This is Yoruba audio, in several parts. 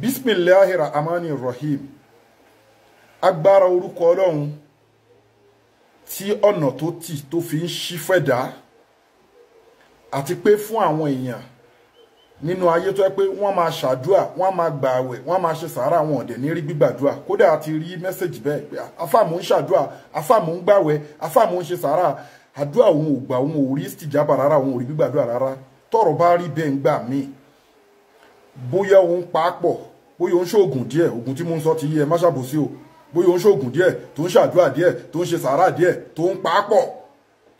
bisimilahi rahmani rahim agbára orúkọ ọlọ́run tí ọ̀nà tó tì tó fi ń ṣí fẹ̀dá àti pé fún àwọn èèyàn nínú ayé tó yẹ pé wọ́n máa ṣàdúà wọ́n máa gbà àwẹ̀ wọ́n máa ṣe sàárà wọn ọ̀dẹ̀ ní rí gbígbàdúà kódà àti rí mẹ́sẹ̀gì bẹ́ẹ̀ pé afáàmù ń ṣàdúà afáàmù ń gbàwẹ̀ afáàmù ń ṣe sàárà àdúà òun ò gbà òun ò rí stìjàbà rárá òun ò rí gbígbàdúà rárá tọ̀rọ̀ bá rí bẹ́ẹ̀ ń gbà míì bóyá òun papọ̀ bóyá òun ṣoògùn díẹ̀ ògùn tí mo ń sọ ti yé ẹ má ṣàbòsí o bóyá òun ṣoògùn díẹ̀ tó ń ṣàdúrà díẹ̀ tó ń ṣe sàárà díẹ̀ tó ń papọ̀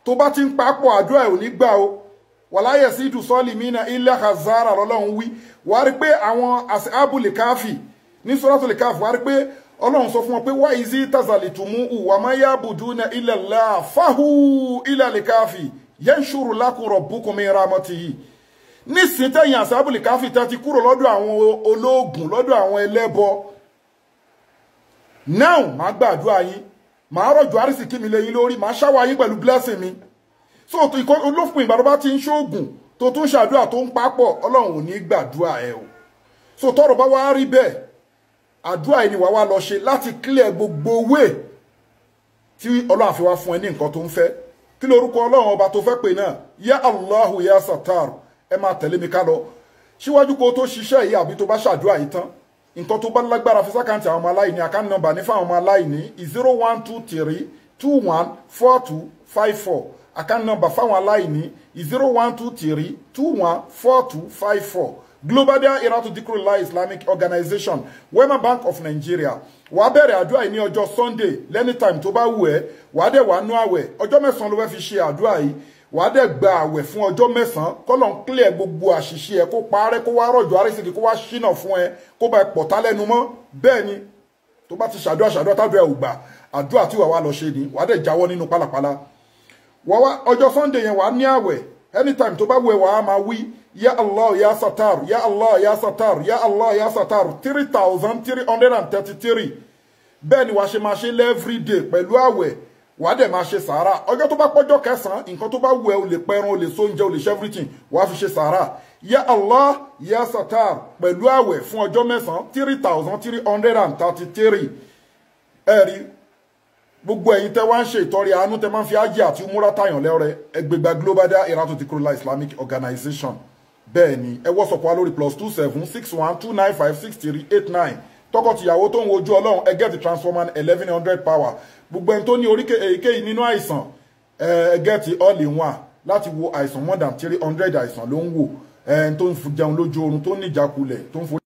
tó bá ti ń papọ̀ àdúrà ẹ̀ ò ní gbà o wàláyẹ̀ sí ìdùsọ́ọ̀lì mí náà ilé àkàzára lọ́lọ́run wí wàá rí pé àwọn àbúlé káfì ní sọ́dọ̀tòlè káfì wàá rí pé ọlọ́run sọ fún wọn pé wá ìzí tazalitumu ìwà máa yá àbùdú náà ilẹ̀ láà ilẹ̀ àlè káfì yẹn ṣòro lákùrọ̀ bùkún mi ra ọmọ tìyí nísìnyí tẹ̀yìn àsábùlì káfíńtà ti kúrò lọ́dọ̀ àwọn olóògùn lọ́dọ̀ àwọn ẹlẹ́bọ now màá gbàdúrà yín màá rọ̀jò àrísìkí mi lẹ́yìn lórí màá ṣáwá yín pẹ̀lú blessing mi so ìkọ́ olófin ìgbà tó bá ti ń ṣoògùn tó tún ṣàdúrà tó ń papọ̀ ọlọ́run ò ní gbàdúrà ẹ o so tọrọ bá wá rí bẹ́ẹ̀ àdúrà yìí ni wàá wá lọ ṣe láti clear gbogbo way tí ọlọ́run àfi wá fún ẹ ní nǹkan tó ń fẹ́ kí lórúkọ ọlọ́run ọba tó fẹ́ pè náà ya Allahu ya Satar ẹ máa tẹ̀lé mi ká lọ síwájú kó tó ṣiṣẹ́ yìí àbí tó bá ṣàdúrà yìí tán nǹkan tó bá lágbára fi sákàǹtì àwọn ọmọ aláìní àkáǹtì nọ́mbà ní fáwọn ọmọ aláìní zero one two three two one four two five four àkáǹtì nọ́mbà fáwọn aláìní zero one two three two one four two five four Global Dahiratu Dhikrlahi Islamic Organization Wema Bank of Nigeria wàá bẹ̀rẹ̀ àdúrà yìí ní ọjọ́ Sunday lẹ́nítàìm tó bá wù ẹ́ wàá dẹ̀ wàá nú àwẹ̀ ọjọ́ mẹ́sàn-án ló fẹ́ fi ṣe àdúrà yìí wàá dẹ̀ gba àwẹ̀ fún ọjọ́ mẹ́sàn-án ń clear gbogbo àṣìṣe ẹ̀ kó parẹ́ kó wá rọ̀jò àrísìkì kó wá ṣínà fún ẹ kó bá ẹ pọ̀tá lẹ́nu mọ́ bẹ́ẹ̀ ni tó bá ti ṣàdúrà ṣàdúrà tádùn ẹ ò gbà àdúrà tí wàá wá lọ ṣe ni wàá dẹ̀ jáwọ́ nínú pálapàla wàá wá ọjọ́ sunday yẹn wàá ní àwẹ̀ anytime tó bá wù wàá máa wí ya allah ya satar ya allah ya satar ya allah ya satar three thousand three hundred and thirty three bẹ́ẹ̀ ni wàá ṣe máa ṣe every day pẹ̀lú àwẹ̀ wà á dẹ̀ máa ṣe sàárà ọjọ́ tó bá pọ́jọ́ kẹsàn-án nǹkan tó bá wù ẹ́ o lè pẹran o lè sóúnjẹ o lè ṣe everything wà á fi ṣe sàárà ya Allah ya satar pẹ̀lú àwẹ̀ fún ọjọ́ mẹ́sàn-án three thousand three hundred and thirty three ẹ̀rí gbogbo ẹ̀yin tẹ́ wá ń ṣe ìtọrẹ àánú tẹ́ máa ń fi ájì àti umura tayàn lẹ́rẹ̀ ẹgbẹ̀gbà global dahiratu dhikrlahi islamic organization bẹ́ẹ̀ ni ẹ wọ́sọ̀pọ̀ wa lórí plus two seven six one two nine five six three eight nine tọkọtìyàwó tó ń wojú ọlọ́run ẹ get the transformer eleven hundred power gbogbo ẹni tó ní oríkè èyíkéyìí nínú àìsàn ẹ get all in one láti wo àìsàn more than three hundred àìsàn ló ń wò ẹni tó ń jẹun lójú oorun tó ń níjàkulẹ̀ tó ń forí.